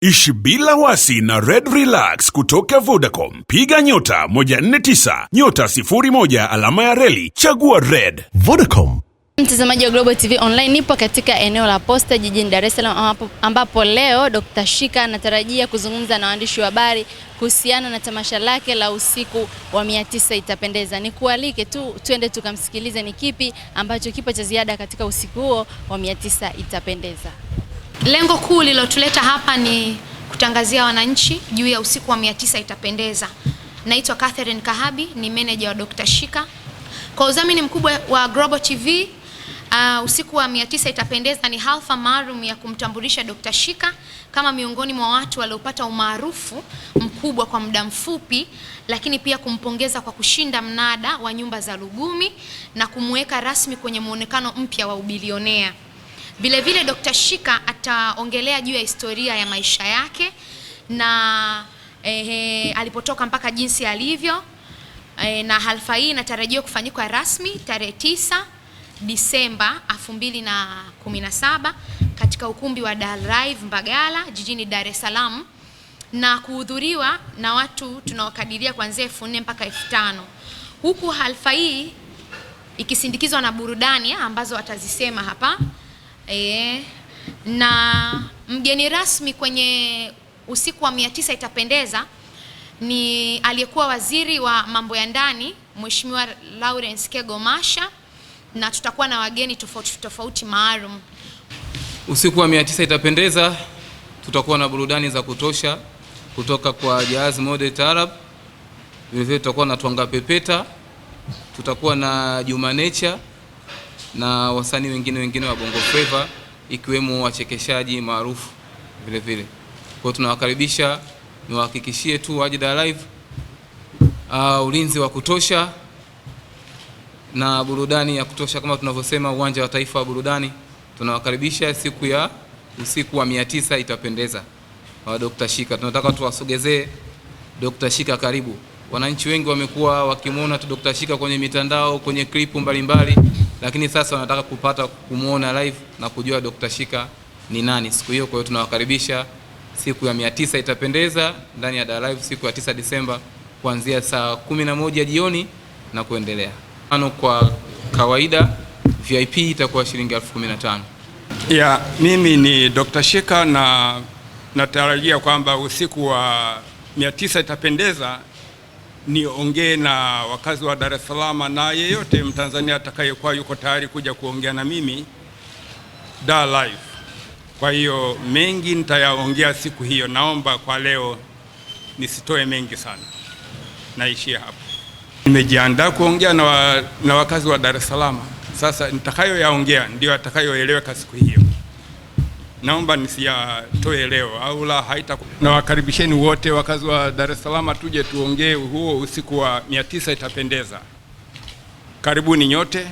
Ishi bila wasi na Red Relax kutoka Vodacom. Piga nyota 149 nyota 01 alama ya reli chagua Red. Vodacom. Mtazamaji wa Global TV Online, nipo katika eneo la Posta jijini Dar es Salaam ambapo leo Dr. Shika anatarajia kuzungumza na waandishi wa habari kuhusiana na tamasha lake la usiku wa mia tisa itapendeza. Nikualike tu twende tukamsikilize ni kipi ambacho kipo cha ziada katika usiku huo wa mia tisa itapendeza. Lengo kuu lilotuleta hapa ni kutangazia wananchi juu ya usiku wa mia tisa itapendeza. Naitwa Catherine Kahabi, ni meneja wa Dr. Shika kwa udhamini mkubwa wa Global TV. Uh, usiku wa mia tisa itapendeza ni halfa maalum ya kumtambulisha Dr. Shika kama miongoni mwa watu waliopata umaarufu mkubwa kwa muda mfupi, lakini pia kumpongeza kwa kushinda mnada wa nyumba za Lugumi na kumweka rasmi kwenye muonekano mpya wa ubilionea. Vilevile Dr. Shika ataongelea juu ya historia ya maisha yake na ehe, alipotoka mpaka jinsi alivyo e, na halfa hii inatarajiwa kufanyika rasmi tarehe 9 Disemba 2017 katika ukumbi wa Dalrive Mbagala jijini Dar es Salaam na kuhudhuriwa na watu tunaokadiria kuanzia elfu nne mpaka elfu tano huku halfa hii ikisindikizwa na burudani ambazo watazisema hapa e, na mgeni rasmi kwenye usiku wa mia tisa itapendeza ni aliyekuwa waziri wa mambo ya ndani Mheshimiwa Lawrence Kego Masha, na tutakuwa na wageni tofauti tofauti maalum. Usiku wa mia tisa itapendeza, tutakuwa na burudani za kutosha kutoka kwa Jazz Mode Tarab, vilevile tutakuwa na Twanga Pepeta, tutakuwa na Juma Nature na wasanii wengine wengine wa Bongo Flava ikiwemo wachekeshaji maarufu vile vile. Kwa tunawakaribisha, niwahakikishie tu waje Dar Live. Uh, ulinzi wa kutosha na burudani ya kutosha kama tunavyosema uwanja wa taifa wa burudani. Tunawakaribisha siku ya usiku wa mia tisa itapendeza. wa Dr. Shika tunataka tuwasogezee Dr. Shika karibu. Wananchi wengi wamekuwa wakimwona tu Dr. Shika kwenye mitandao, kwenye klipu mbalimbali lakini sasa wanataka kupata kumwona live na kujua Dr. Shika ni nani siku hiyo. Kwa hiyo tunawakaribisha siku ya mia tisa itapendeza ndani ya Dar Live siku ya tisa Disemba kuanzia saa kumi na moja jioni na kuendelea. Ano kwa kawaida VIP itakuwa shilingi elfu kumi na tano. Ya, mimi ni Dr. Shika na natarajia kwamba usiku wa mia tisa itapendeza niongee na wakazi wa Dar es Salaam na yeyote Mtanzania atakayekuwa yuko tayari kuja kuongea na mimi da live. Kwa hiyo mengi nitayaongea siku hiyo, naomba kwa leo nisitoe mengi sana, naishia hapo. Nimejiandaa kuongea na, wa, na wakazi wa Dar es Salaam. Sasa nitakayoyaongea ndio atakayoeleweka siku hiyo naomba nisiyatoe leo au la haita. Nawakaribisheni wote wakazi wa Dar es Salaam, tuje tuongee huo usiku wa mia tisa itapendeza. Karibuni nyote,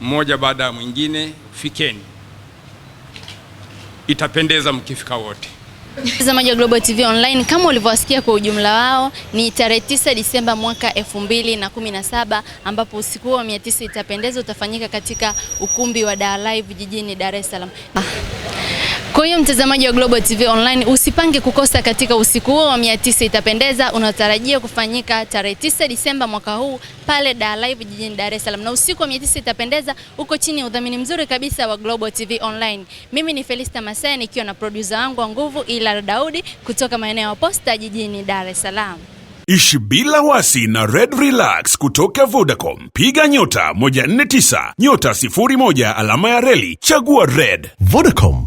mmoja baada ya mwingine, fikeni, itapendeza mkifika wote. Mtazamaji wa Global TV Online, kama ulivyowasikia kwa ujumla wao, ni tarehe 9 Disemba mwaka 2017 ambapo usiku wa ma9 itapendeza utafanyika katika ukumbi wa Dar Live jijini Dar es Salaam. Ah. Kwa hiyo mtazamaji wa Global TV Online usipange kukosa katika usiku huo wa mia tisa itapendeza unaotarajia kufanyika tarehe 9 Disemba mwaka huu pale Dar Live jijini Dar es Salaam, na usiku wa mia tisa itapendeza uko chini ya udhamini mzuri kabisa wa Global TV Online. Mimi ni Felista Masaya nikiwa na producer wangu wa nguvu Ila Daudi kutoka maeneo ya Posta jijini Dar es Salaam. Ishi bila wasi na Red Relax kutoka Vodacom. Piga nyota 149 nyota 01 alama ya reli, chagua Red. Vodacom.